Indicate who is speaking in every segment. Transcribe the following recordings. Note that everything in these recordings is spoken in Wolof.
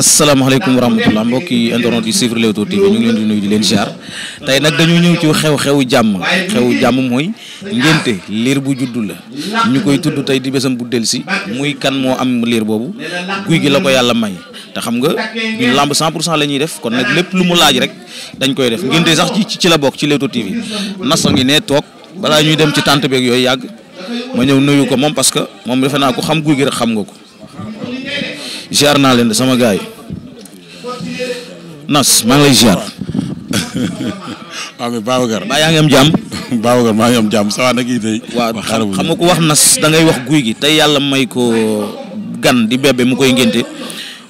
Speaker 1: asalaamaaleykum wa rahmatulah mbokk yi internet yi suivre Leewtoo TV ñu ngi leen di nuyu di leen ziar tey nag dañoo ñëw ci xew-xewu jàmm xewu jàmm mooy ngénte liir bu juddu la ñu koy tudd tey di bésam bu delsi muy kan moo am liir boobu guy gi la ko yàlla may te xam nga ñun lamb 100 pour cent la ñuy def kon nag lépp lu mu laaj rek dañ koy def ngénte sax ci ci la bokk ci Leewtoo TV nasso ngi ne toog balaa ñuy dem ci tant beeg yooyu yàgg ma ñëw nuyu ko moom parce que moom defe naa ko xam guy gi xam nga ko. ziar naa leen sama gaay nas maa ngi lay
Speaker 2: ziar. waaw mais Babacar. maa yaa ngi am jàmm. maa ngi am jàmm ça va nag it tey. waaw xam nga ku wax
Speaker 1: da ngay wax guy gi tey yàlla may ko gan di bébé mu koy ngénte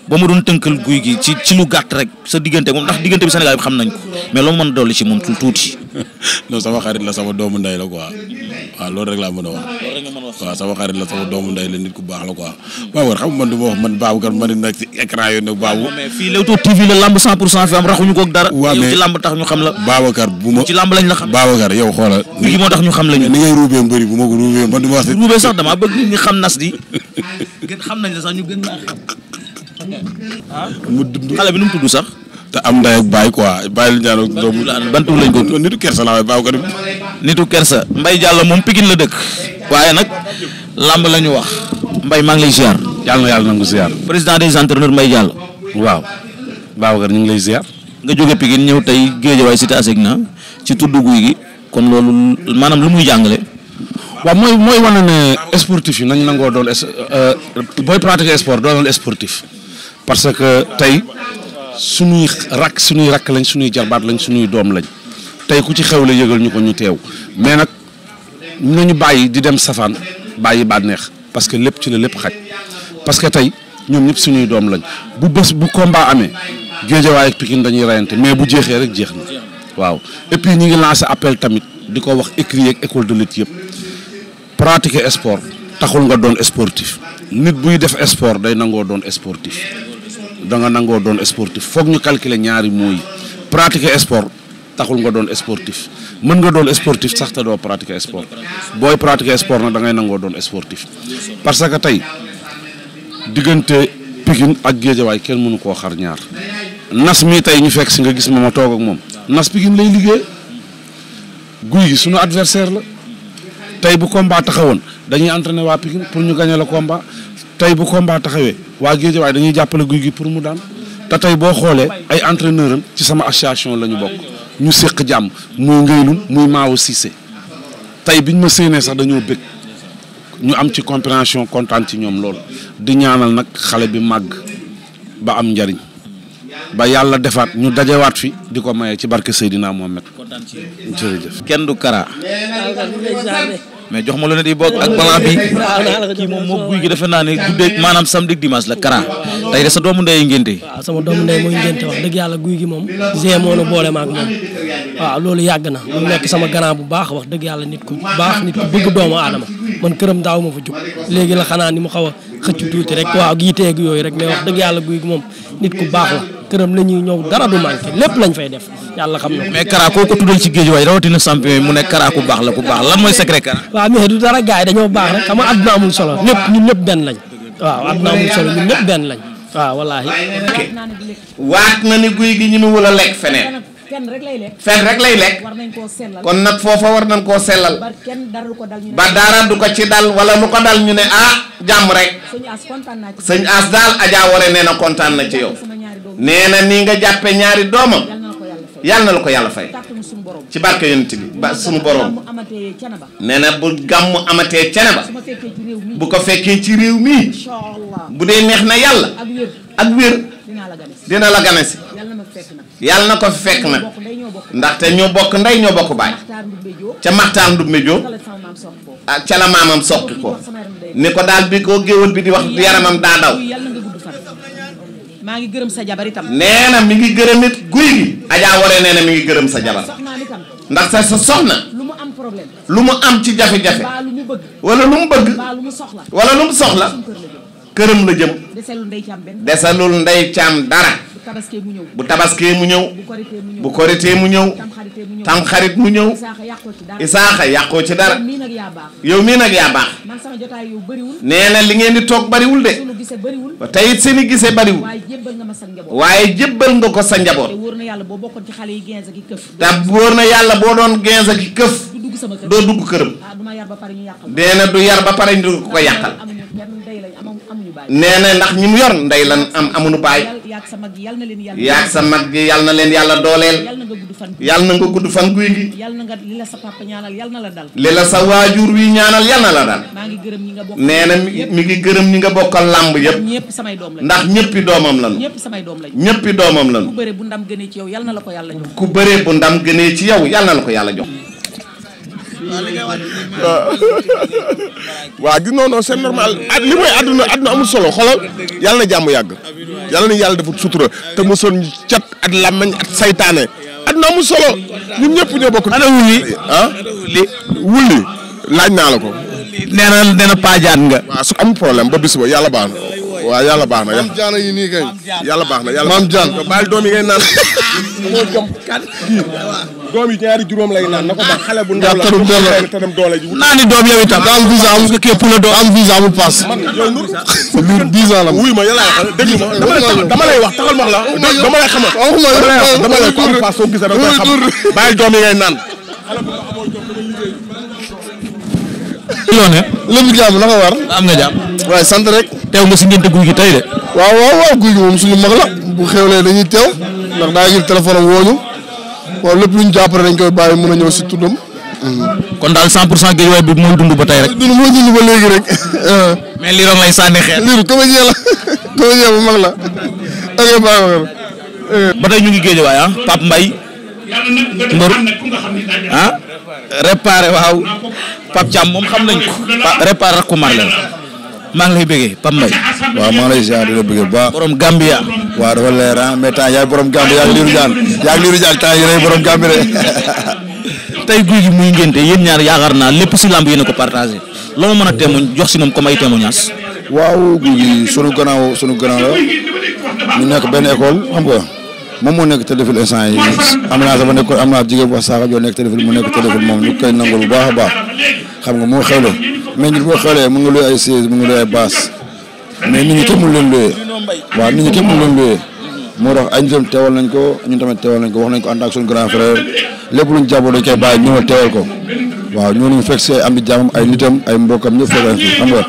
Speaker 1: ba ma doon tënkal guy gi ci ci lu gàtt rek sa diggante moom ndax diggante bi Sénégal bi xam nañ ko mais loo mën a dolli ci moom tuuti. non sama xarit la sama doomu ndey la quoi.
Speaker 2: waaw loolu rek mën a wax. loolu rek xarit la sama doomu ndey la nit ku baax la quoi. Babacar xam man du ma wax man Babacar man nag ci écran yooyu nag.
Speaker 1: pour cent fi am raxuñu koog dara. waaw mais yow ci lamb tax ñu xam la. ci lamb lañ la xam. Babacar yow xoolal. fii moo tax ñu xam la ñu. ni ngay ruubee mbëri bu ma ko ruubee man du ma wax. ruubee sax damaa bëgg nit ñi xam nas di gën xale bi nu mu tudd sax te am nday ak quoi bàyyi lu ñaanoo doomu ban tur lañ ko kersa laa waaye baaw ko nitu kersa Mbaye Diallo moom Pikine la dëkk waaye nag lamb la ñu wax Mbaye maa ngi lay ziar yàlla na yàlla nangu ziar président des entraîneurs Mbaye Diallo waaw Babacar ñu ngi lay ziar nga jóge Pikine ñëw tey géej Guédiawaye Cité Asecna ci tudd guy gi kon loolu maanaam lu muy jàngale
Speaker 2: waaw mooy mooy wane ne sportif yi nañ nangoo doon euh, booy pratiquer sport doo doon sportif parce que tey suñuy rakk suñuy rakk lañ suñuy jarbaat lañ suñuy doom lañ tey ku ci xew la yëgal ñu ko ñu teew mais nag nañu bàyyi di dem safaan bàyyi bànneex parce que lépp ci la lépp xaj parce que tey ñoom ñëpp suñuy doom lañ bu bés bu combat amee Géejawaay ak Pikine dañuy reyante mais bu jeexee rek jeex na waaw et puis ñu ngi lancé appel tamit di ko wax écrit ak école de lutte yëpp pratiquer sport taxul nga doon sportif nit buy def sport day nangoo doon sportif da nga nangoo doon sportif foog ñu calculer ñaari mooy pratique sport taxul nga doon sportif mën nga doon sportif sax te doo pratiquer sport booy pratiquer sport nag da ngay nangoo doon sportif parce que tey diggante Pikine ak Géejawaay kenn mënu koo xar ñaar nas mii tey ñu fekk si nga gis ma ma toog ak moom nas Pikine lay liggéey guy gi suñu adversaire la tey bu combat taxawoon dañuy entraîner waa Pikine pour ñu gagner la komba tey bu combat taxawee waa Guédiawaye dañuy jàppale guy gi pour mu daan te tey boo xoolee ay entraîneur am ci sama association la ñu bokk ñu séq jàmm muy Ngaylum muy Maawo Cissé tey biñ ma séenee sax dañoo bëgg ñu am ci compréhension kontaan ci ñoom lool di ñaanal nag xale bi màgg ba am njariñ ba yàlla defaat ñu dajewaat fi di ko maye ci barke Seydina Mohamed jërëjëf kenn du kara
Speaker 1: mais jox ma lu ne di bokk ak balaa kii moom moo guy gi defe naa ne guddeeg sam samedi dimanche la kara tey de sa doomu ndey ngénte waaw ah, sama doomu ndey mooy ngénte wax dëgg yàlla guy gi moom g moonu boole maak moom waaw ah, loolu yàgg na mu nekk sama grand bu baax wax dëgg yàlla nit ku baax nit ku bëgg doomu aadama man këram daaw ma fa jóg léegi la xanaa ni mu xaw a xëcc tuuti rek waaw giiteeg yooyu rek mais wax dëgg yàlla guy gi moom nit ku baax la këram la ñuy ñëw dara du manqué lépp lañu fay def yàlla xam na. mais Kara koo ko tuddal ci géej waaye rawatina champion yi mu ne Kara ku baax la ku baax lan mooy secret
Speaker 3: Kara. waaw mais du dara gars yi dañoo baax rek amul solo ñëpp ñun ñëpp benn lañ
Speaker 4: waaw àdduna amul solo ñun ñëpp benn lañ waaw wallaahi.
Speaker 3: waat na ni guy gi ñu mu wula lekk feneen. fen rek lay lekk kon nag foofa war nañ koo sellal ba dara du ko ci dal wala lu ko dal ñu ne ah jàmm rek sëñ as daal Adja Woré nee na kontaan na ci yow. nee na nii nga jàppe ñaari doomam yàlla na la ko yàlla fay ci barke yonent bi ba suñu borom nee na bu gàmmu amatee cene ba bu ko fekkee ci réew mii bu dee neex na yàlla ak wér dina la gane si yàlla na ko fi fekk nag ndaxte ñoo bokk ndey ñoo bokk baay ca maxtaan du méjoo ak ca la maamam soqi ko ni ko daal bi ko géwël bi di wax yaramam daa daw
Speaker 1: maa ngi gërëm sa jabar itam. na
Speaker 3: mi ngi gërëm guy gi. Adja Waré nee na mi ngi gërëm sa jabar. ndax sa sa soxna.
Speaker 1: lu mu am problème.
Speaker 3: lu mu am ci jafe-jafe. wala
Speaker 1: lu mu bëgg. wala lu mu soxla. wala lu mu soxla.
Speaker 3: këram la jëm. desalul ndey caam dara. tabaskee mu ñëw bu tabaskee mu ñëw bu koritee mu ñëw tamxarit mu ñëw isaaxa yàqoo ci dara yow mii nag yaa baax nee na li ngeen di toog bariwul de tey it seen i gisee bariwul
Speaker 1: waaye jébbal nga ko sa njaboot te
Speaker 3: wóor na yàlla boo doon gens ak i këf doo dugg këram ah, nee na du yar ba pare ñu ko yàqal nee na ndax ñi mu yor ndey lan am nu baay yaag sa mag gi yal na leen yàlla. yaag sa mag gi na leen yàlla dooleel. yal na nga gudd fan. yal na nga fan guy gi. yal na nga li la sa na la dal. li la sa waajur wi ñaanal yal na la dal. maa ngi gërëm ñi nga bokkal nee na mi ngi gërëm ñi nga bokkal làmb yëpp.
Speaker 1: ñëpp samay doom lañu ndax ñëppi doomam lañu. ñëpp samay doom lañu. ñëppi doomam lañu. ku bëree bu ndam gënee ci yow yal na la ko
Speaker 4: yàlla jox.
Speaker 3: ku bëree bu ndam gënee ci yow yal la ko yàlla jox waa gis non non c'est normal at li mooy àdduna àdduna amul solo xoolal yàlla na jàmm yàgg yàlla na yàlla dafa sutura te mosoon ñu cat at làmmañ at saytaane àdduna amul solo ñun ñëpp ñoo bokk. ana wulli ah wulli laaj naa la ko. nee na nee paajaat nga. waaw su am problème ba bis ba yàlla baax na waaw yàlla baax na maam Diané yi nii kay. yàlla baax na yàlla maam Diané. nga baal doom yi ngay naan. moo jom kan. doom yi ñaari juróom lay naan na ko baax xale bu ndaw la te dem doole ji. naa ni doom yow itam. am visa amul képp la doom am visa amul paas. lu
Speaker 4: 10 ans
Speaker 1: la. wuy ma yàlla yàlla dégg ma dama lay wax taxal ma la dama lay xamal. dama lay wax dama lay ko
Speaker 3: am paas soo gisee da nga koy xam bàyyi doom yi ngay naan. yoone lépp jàmm naka war am nga jàmm waaye sant rek teew nga si ngénte guy gi tey de waaw waaw waaw guy gi moom suñu mag la bu xewlee dañuy teew ndax daa jël téléphone waaw lépp lu ñu jàppale dañ koy bàyyi mën a ñëw si tuddam kon daal 100 pour cent
Speaker 1: Guédiawaye bi mooy dund ba tey rek. dund mooy dund ba léegi rek. mais lii rek lay xeer. lii comédien la comédien bu mag la. ba tey ñu ngi Guédiawaye ah Pape Mbaye ah réparé waaw Pape Thiam moom xam nañ ko réparé rakku mar la maa ngi lay bëggee Pape Mbaye waaw maa ngi lay ziar di la bëggee bu baax borom Gambia waa dafa leer ah, mais temps yaay borom Gambia yaa ngi liiru jaan yaa ngi liiru jaan temps yi lay borom Gambia yéen ñaar yaakaar naa lépp si lamb yéen ko partagé loo mën a témoñ jox si moom comme ay témoignage waaw guy sunu gannaaw la ñu nekk benn école xam nga moom moo nekk téléphone instant yi
Speaker 4: am na sama nekkoon am naa jigéen bu wax saaka joo nekk téléphone mu nekk téléphone moom ñu koy nangul bu baax a baax xam nga moo xewle mais ñun boo xewlee mu nga luy ay siège mu ngi luy ay baas mais nit ñi kenn
Speaker 1: mënu leen luyee waaw nit ñi kenn mënu leen luyee moo tax ay nitam tewal nañ ko ñun tamit teewal nañ ko wax nañ ko ànd ak suñu grand frère lépp luñ jàppoo dañ koy bàyyi ñëw teewal ko waaw ñoo ñu fekk si ay am di ay nitam ay mbokam ñëpp fekk fi xam nga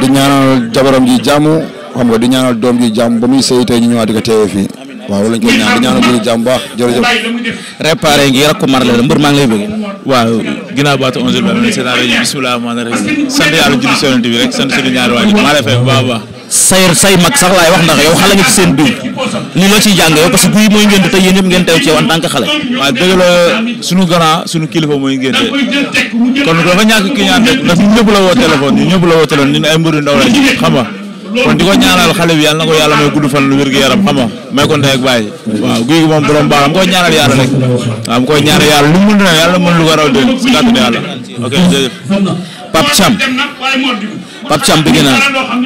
Speaker 1: di ñaanal jabaram ji jaamu xam nga di ñaanal doom ji jaamu ba muy sëy tey ñu ñëwaat di ko teewee fii waaw loolu lañ koy ñaan di ñaanal bu jàmm baax jërëjëf. réparé ngi rakku marale la mbër maa ngi lay bëgg. waaw ginnaaw baatu 11h ba amee seetaan rajo bisimilah maanaam rajo sant yàlla julli si rek sant suñu ñaari waajur maa lay fay bu baax a baax. say say mag sax laay wax ndax yow xale nga ci seen biir lii loo ciy jàng yow parce que guy mooy ngénte te yéen ñëpp ngeen teew ci yow en tant que xale. waaw dëgg la sunu grand sunu kilifa mooy ngénte kon dafa ñàkk ki ñaan ndax ñun ñëpp la woo téléphone kon di ko ñaanal xale bi yàlla na ko yàlla may gudd fan lu wér gu yaram xam nga may ko ndey ak bàyyi waaw guy gi moom borom baax am koy ñaanal yàlla rek waaw mu koy ñaanal lu mu mën na yàlla mën lu ko raw dén si kàttan yàlla ok jërëjëf Pape Thiam Pape Thiam bëgg naa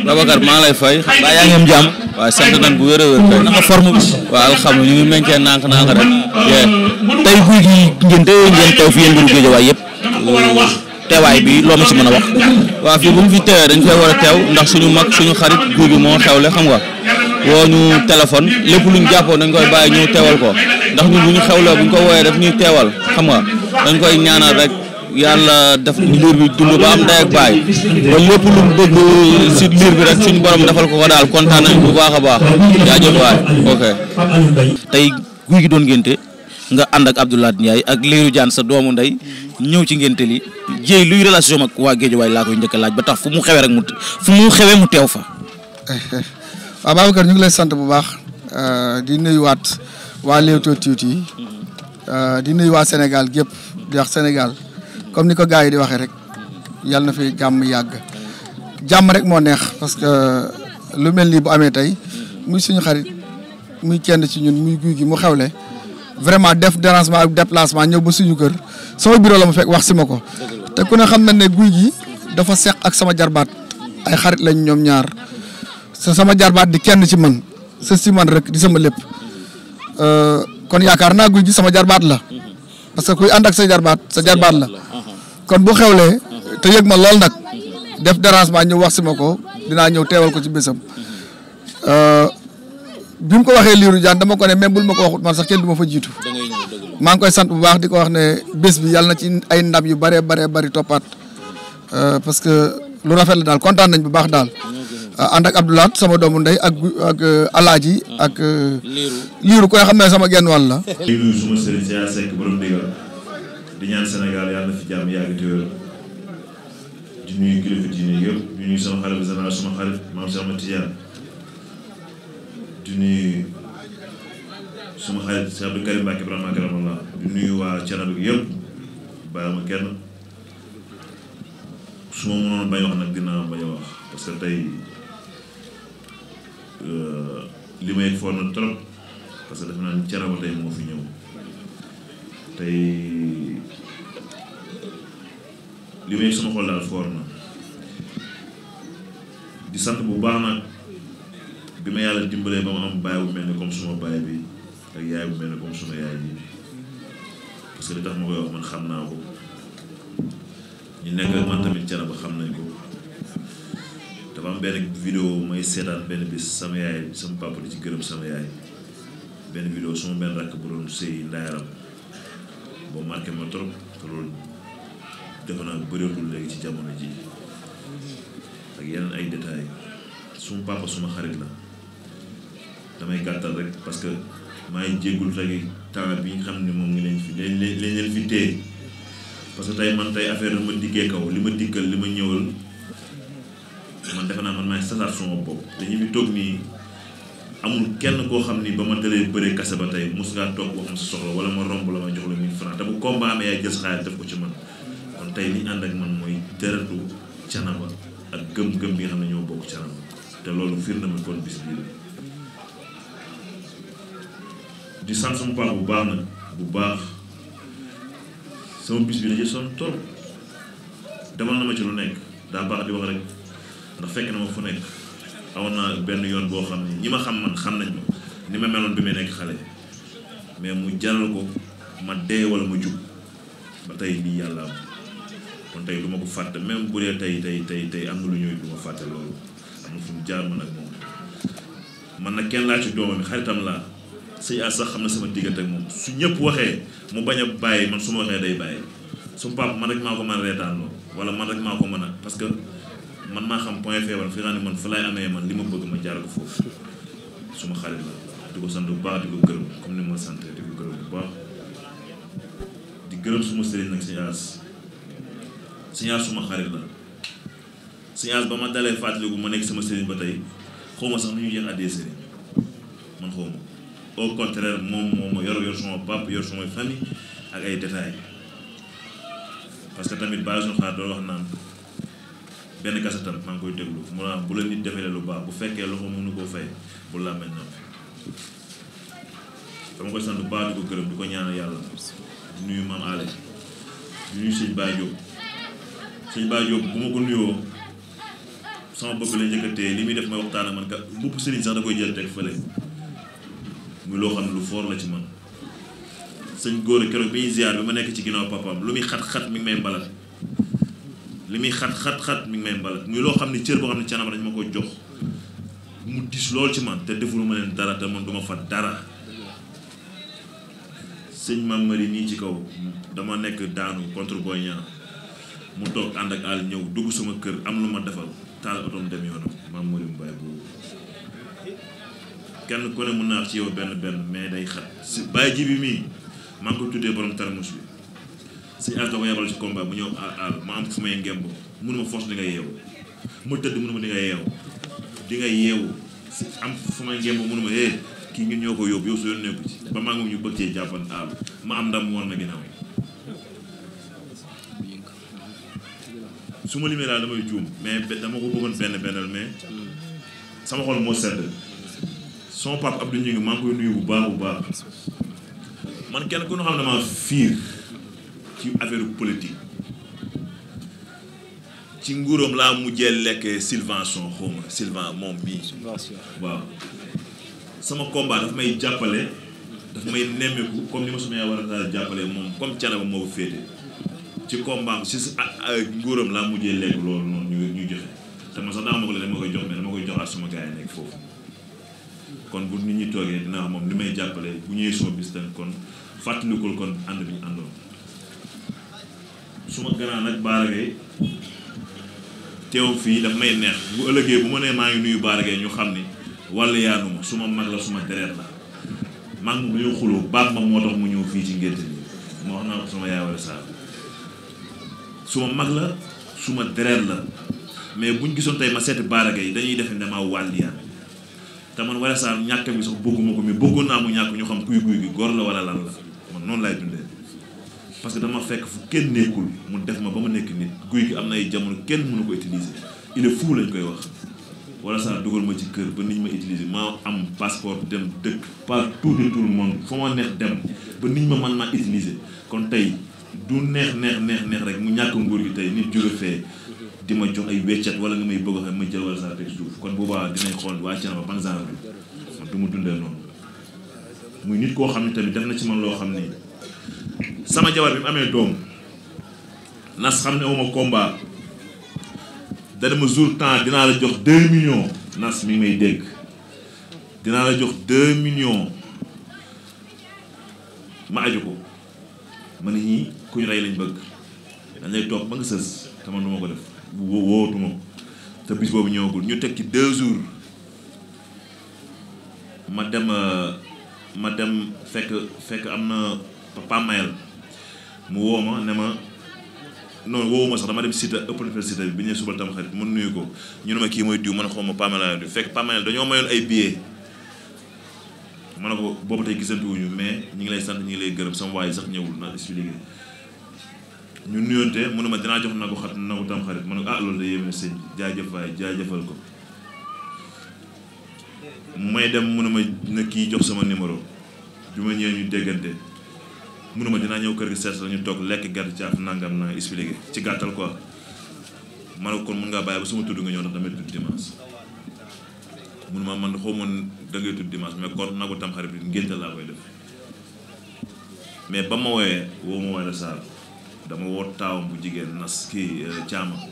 Speaker 2: Babacar maa lay fay baa yaa ngi am jàmm
Speaker 1: waaw sant bu wér a wér kay naka forme bi waaw ñu ngi meññee nànk nànk rek tey guy gi ngeen tey ngeen teew fi yéen teewaay bi loo ma si man a wax. waaw fii bu ñu fi teewee dañ fay war a teew ndax suñu mag suñu xarit guubi moo xewle xam nga woo ñu téléphone lépp lu ñu jàppoon dañ koy bàyyi teewal ko ndax bu ñu xewloo bu ñu ko wooyee daf ñuy teewal xam nga dañ koy ñaanal rek. yàlla def liir bi dund ba am day ak baay ba lépp lu mu bëgg si liir bi rek suñu borom defal ko ko daal kontaan nañ bu baax a baax waay tey guy gi doon ngénte nga ànd ak Abdoulaye Ndiaye ak Lirou jaan sa doomu ndey ñëw ci ngénte li jéy luy relation ak waa Géejawaay laa koy njëkk laaj ba tax fu mu xewee mu
Speaker 4: fu mu xewee mu teew fa. waaw Babacar ñu ngi lay sant bu baax euh, di nuyuwaat waa Leewtoo tuuti euh, di nuyu waa Sénégal gépp di wax Sénégal comme ni ko gars yi di waxee rek yàlla na fi jàmm yàgg jàmm rek moo neex parce que euh, lu mel nii bu amee tey muy suñu xarit muy kenn ci ñun muy guy gi mu xewle. vraiment def dérangement ak déplacement ñëw ba suñu kër soo bureau la ma fekk wax si ma ko te kon ne xam na ne guy gi dafa seq ak sama jarbaat ay xarit lañ ñoom ñaar sa sama jarbaat di kenn ci man sa si man rek di sama lépp euh, kon yaakaar naa guy gi sama jarbaat la parce que kuy ànd ak sa jarbaat sa jarbaat la kon boo bu xewlee te yëg ma lool nag def dérangement ñëw wax si ma ko dinaa ñëw teewal ko ci bésam euh, bi mu ko waxee Lirou Diane dama ko ne même bul ma ko waxut man sax kenn du ma fa jiitu. maa ngi koy sant bu baax di ko wax ne bés bi yàlla na ci ay ndab yu bëree bëree bëri toppaat euh, parce que lu rafet la daal kontaan nañ bu baax daal. ànd ak Abdoulaat sama doomu ndey ak ak euh, alaaji ah. ak. Euh, Lirou koy xam ne sama genn wàll la. di nuyu suma
Speaker 5: ñaan Sénégal yàlla na fi jàmm yàgg te wér di nuyu kilifa diine yëpp di nuyu sama xarit bi sama xarit maam Cheikh Matidiane. di nuyu suma xarit Cheikh Abdou Karim Mbacke Ibrahima karamallah di nuyu waa Thiénaba gi yëpp bàyyiwuma kenn su ma bañ wax nag dinaa bañ a wax parce que tey euh, li may foog na trop parce que def naa ni Thiénaba tey moo fi ñëw tey li may sama xol daal foor na di sant bu baax nag. bi ma yàlla dimbalee ba ma am baay bu mel ni comme suma baay bi ak yaay bu mel ne comme suma yaay bi parce li tax ma koy wax man xam naa ko ñu nekk man tamit Thiénaba xam nañ ko dafa am benn vidéo may seetaan benn bis sama yaay sama ci gërëm sama yaay benn vidéo suma benn rakk bu doon naa bëreetul léegi ci jamono ak yeneen ay suma papa suma xarit la damay gàttal rek parce que maa ngi jéggul tey temps bi nga xam ne moom ngi leen fi leen leen fi téye parce que tey man tey affaire bi ma diggee kaw li ma diggal li ma ñëwal man defe naa man maay sasaat sama te ñu fi toog nii amul kenn koo xam ni ba ma dalee bëree kase ba tey mos ngaa toog wax ma soxla wala ma romb la ma jox la 1000 francs te bu combat amee yaay jël sa def ko ci man kon tey li ànd ak man mooy dërëtu canaba ak gëm-gëm bi xam ne ñoo bokk canaba te loolu firnde ma kon di sant sama papa bu baax na bu baax sama bis bi dañuy sonn trop demal na ma ci lu nekk daa baax di wax rek ndax fekk na ma fu nekk awoon naa benn yoon boo xam ne ñi ma xam man xam nañ ma ni meloon bi may nekk xale mais mu jaral ko ma dee wala ma jub ba tey yàlla am kon tey du ma ko fàtte même bu dee tey tey tey tey na lu ñuy du na fu mu jaar nag kenn laa ci doomam xaritam laa. sëñ as sax xam na sama diggante moom su ñëpp waxee mu bañ a bàyyi man suma ma waxee day bàyyi su papa man rek maa ko mën a reetaanloo wala man rek maa ko mën a parce que man maa xam point faible fi nga xam ne man fa laay amee man li ma bëgg ma jaar ko foofu suma xarit la di ko sant bu baax di ko gërëm comme ni ma sant di ko gërëm bu baax di gërëm suma sëriñ nag sëñ as suma xarit la sëñ ba ma dalee fàttaliku ma nekk sama sëriñ ba tey xaw ma sax nu ñuy jeex au contraire moom moom ma yor yor sama pap yor sama famille ak ay détails parce que tamit bàyyi suñu xaar doo wax naan benn kasetam maa ngi koy déglu mu ne lu baax bu fekkee loxo mënu koo fay bu la mel noonu dama koy sant bu baax di ko gërëm di ko ñaanal yàlla di nuyu maam Allé di nuyu sëñ Baye Diop sëñ Baye Diop bu ma ko nuyoo sama bopp la njëkk a li muy def ma waxtaan ak man ka mbubb sëriñ sax da koy jël teg fële. muy loo xam ne lu foor la ci man sëñ góor a keroog bi ñuy ma nekk ci ginnaaw papaam lu muy xat-xat mi ngi may mbalat li muy xat-xat-xat mi ngi may mbalat muy loo xam ne cër boo xam ne canam dañ ma ko jox mu dis lool ci man te defulu ma leen dara te man duma fa dara sëñ Mame Marie nii ci kaw dama nekk daanu contre Boy Niang mu toog ànd ak àll ñëw dugg sama kër am lu ma defal taal otoom dem yoonam Mame Marie mu bàyyi boobu kenn ku mun naa wax ci yow benn benn mais day xat si bàyyi ji bi mii maa ngi ko tuddee borom tarmus bi si àll ba yabal si combat bu ñëw àll ma am fu may ngemb mënuma force di yeewu ma tëdd mënuma di nga yeewu di nga yeewu si am fu may ngemb mënuma eh, kii ñun ñoo ko yóbbu yow su yoon nekku ci ba maa ngi ñu bëgg cee jàppan àll ma am ndam woon na ginnaaw su ma limee daal damay juum mais dama ko bëggoon benn bennal mais sama xol moo sedd. son papa ab Ngingue ñu ngi koy nuyu bu baax bu baax man kenn ku ñu xam ne maa fiir ci affaire politique ci nguuram laa mujjee lekk Sylvain son xaw moom mii waaw sama combat daf may jàppale daf may nemmeeku comme ni ma suma war a daal jàppale moom comme canaba moo féete ci combat si si nguuram laa mujjee lekk loolu noonu ñu ñu joxe te man sax daa ma ko la dama koy jox mais dama koy joxaat suma gars yi nekk foofu. kon bu nit ñi toogee dina moom li may jàppale bu ñëwee soo bis tan kon fàttalikul kon ànd bi ñu àndoon su ma gannaaw nag Bara Gaye teew fii daf may neex bu ëllëgee bu ma nee maa ngi nuyu Bara Gaye ñu xam ne walla yaanu ma mag la suma dereet la mag moom dañoo xuloo baat ma moo mu ñëw fii ci ngénte bi ma wax naa suma mag la suma dereet la mais buñ gisoon tey ma seeti Bara yi dañuy def ne damaa wàll yaan te man saa ñàkk ñàkkam gi bëgguma ko mais bëggoon naa mu ñàkk ñu xam kuy guy gi góor la wala lan la noonu laay dundee parce que dama fekk fu kenn nekkul mu def ma ba ma nekk nit guy gi am na ay jamono kenn mënu ko utiliser il foofu fou lañ koy wax Woré Sarr dugal ma ci kër ba nit ma utiliser ma am passeport dem dëkk partout de tout le monde fa ma neex dem ba nit ma man maa utiliser kon tey du neex neex neex neex rek mu ñàkk nguur gi tey nit jóge fee di ma jox ay weccat wala nga may bëgg a ma jël wala sa teg suuf kon boobaa dinañ xool waa Thiénaba ban genre bi man du ma dundee noonu muy nit koo xam ne tamit def na ci man loo xam ne sama jabar bi mu amee doom nas xam ne awma combat dana ma jour temps dinaa la jox 2 millions nas mi ngi may dégg dinaa la jox 2 millions ma aju ko ma ne ñii ku ñu rey lañ bëgg dañ lay toog ba nga sës te man du ko def wó wóotuma te bis boobu ñëwagul ñu teg ci deux jours ma dem euh, ma dem fekk fekk am na pamayel mu woo ma ne ma noonu woowu ma sax dama dem sita ëppal fële sita bi bi ñu suba tam xarit mu nuyu ko ñu ne ma kii mooy diw man xaw ma pamayel bi fekk pamayel dañoo mayoon ay billets ma ne ko boobu tey gisantuwuñu mais ñu ngi lay sant ñu ngi lay gërëm sama waaye sax ñëwul na expliqué ñu nuyontee mu ma dinaa jox na ko xat na ko tam xarit ma ah loolu da yéeme sëñ jaajëf waay jaajëfal ko may dem mu ne ma na kii jox sama numéro bi ma ñëwee ñu déggante mu ma dinaa ñëw kër gi seet la ñu toog lekk gerte caaf nangam na expliqué ci gàttal quoi man ne ko kon mun ngaa bàyyi ba suma tudd nga ñëw ndax damay tudd dimanche mu ne ma man xaw ma da ngay tudd dimanche mais kon na ko tam xarit bi ngénte laa koy def mais ba ma wooyee woo ma wala saal dama woo taawam bu jigéen nas ki caama euh,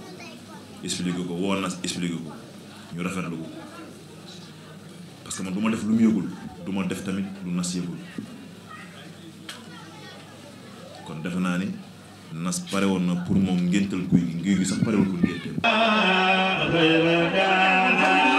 Speaker 5: expliqué ko woo nas expliqué ko ñu rafetlu ko parce man du ma def lu mu yëgul du ma def tamit lu nas yëgul kon defe naa ni nas pare woon na pour moom ngéntal guy gi guy gi sax pare woon pour